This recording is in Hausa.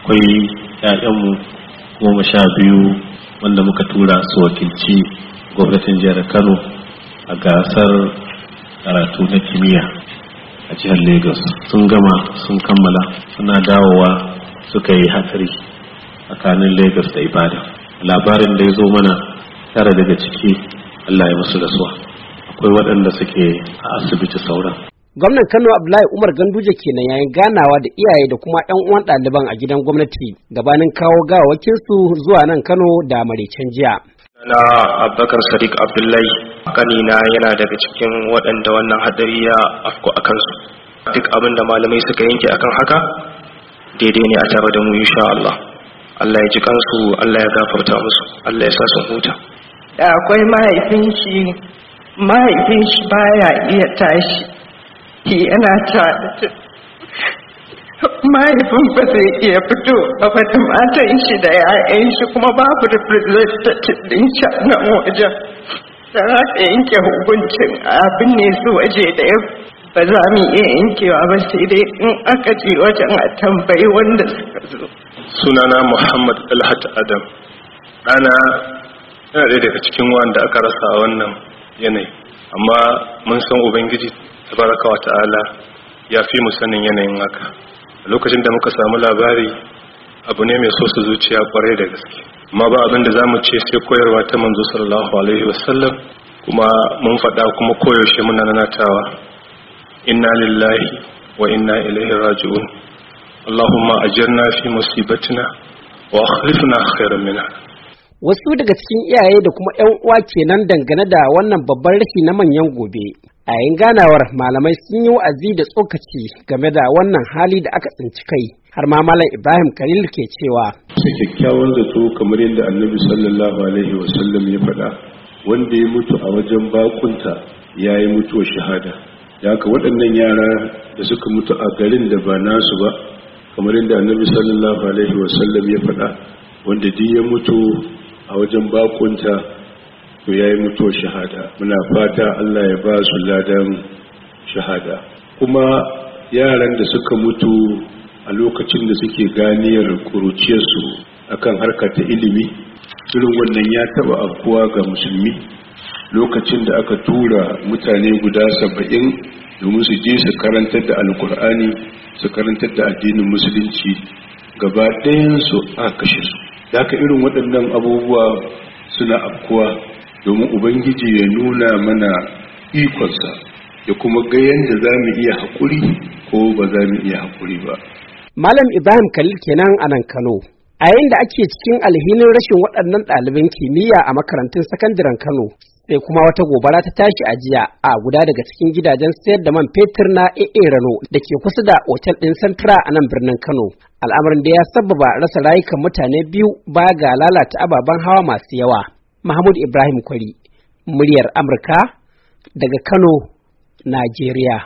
akwai ƴaƴanmu goma sha biyu wanda muka tura su wakilci gwamnatin jihar kano a gasar karatu na kimiyya a jihar lagos sun gama sun kammala suna dawowa suka yi hatsari tsakanin lagos da ibadan labarin da ya zo mana tara daga ciki allah ya masu rasuwa akwai waɗanda suke a asibiti sauran gwamnan kano abdullahi umar ganduje kenan yayin ganawa da iyaye da kuma yan uwan ɗaliban a gidan gwamnati gabanin kawo gawakin su zuwa nan kano da maraicen jiya na abubakar sadiq abdullahi kanina yana daga cikin waɗanda wannan hadari ya afko a kansu duk abin da malamai suka yanke akan haka daidai ne a tare da mu insha Allah Allah ya ji kansu Allah ya gafarta musu Allah ya sa su huta da akwai mahaifin shi mahaifin shi baya iya tashi yana cewa mahaifin ba zai iya fito a fata matan shi da ya'yan shi kuma babu representative din shi na wajen da za ka yanke hukuncin abin ne su waje da ya ba za mu iya yankewa ba sai dai in aka ji wajen a tambayi wanda suka zo sunana muhammad alhat adam ɗana yana ɗaya daga cikin wanda aka rasa wannan yanayi amma mun san ubangiji tabaraka wa ta'ala ya fi mu sanin yanayin haka lokacin da muka samu labari abu ne mai so su zuciya kwarai da gaske amma ba abin da mu ce sai koyarwa ta manzo sallallahu alaihi wasallam kuma mun faɗa kuma koyaushe muna nanatawa inna lillahi wa inna ilaihi raji'un allahumma ajirna fi musibatina wa akhlifna khairan minha wasu daga cikin iyaye da kuma ƴan uwa kenan dangane da wannan babban rashi na manyan gobe a yayin ganawar malamai sun yi wa'azi da tsokaci game da wannan hali da aka tsinci kai har ma malam ibrahim khalil ke cewa su kyakkyawan zato kamar yadda annabi sallallahu alaihi wasallam ya faɗa wanda ya mutu a wajen bakunta ya yi mutuwar shahada da ka waɗannan yara da suka mutu a garin da ba nasu ba kamar yadda annabi sallallahu alaihi wasallam ya faɗa wanda duk ya mutu a wajen bakunta to ya yi mutuwar shahada muna fata allah ya ba su ladan shahada kuma yaran da suka mutu a lokacin da suke ganiyar kuruciyarsu akan harkar ta ilimi irin wannan ya taba afkuwa ga musulmi lokacin da aka tura mutane guda saba'in domin su je su karantar da alkur'ani su karantar da addinin musulunci gaba ɗayan su aka kashe su da irin waɗannan abubuwa suna afkuwa domin ubangiji ya nuna mana ikonsa ya kuma ga yadda za mu iya haƙuri ko ba za mu iya haƙuri ba malam ibrahim khalil kenan a nan kano a yayin da ake cikin alhinin rashin waɗannan ɗaliban kimiyya a makarantun sakandaren kano sai kuma wata gobara ta tashi a jiya a guda daga cikin gidajen sayar da man fetur na AA Rano da ke kusa da otal ɗin Santra a nan birnin Kano. Al'amarin da ya sababa rasa rayukan mutane biyu baya ga lalata ababen hawa masu yawa. Mahmud Ibrahim Kwari, muryar Amurka daga Kano, Najeriya.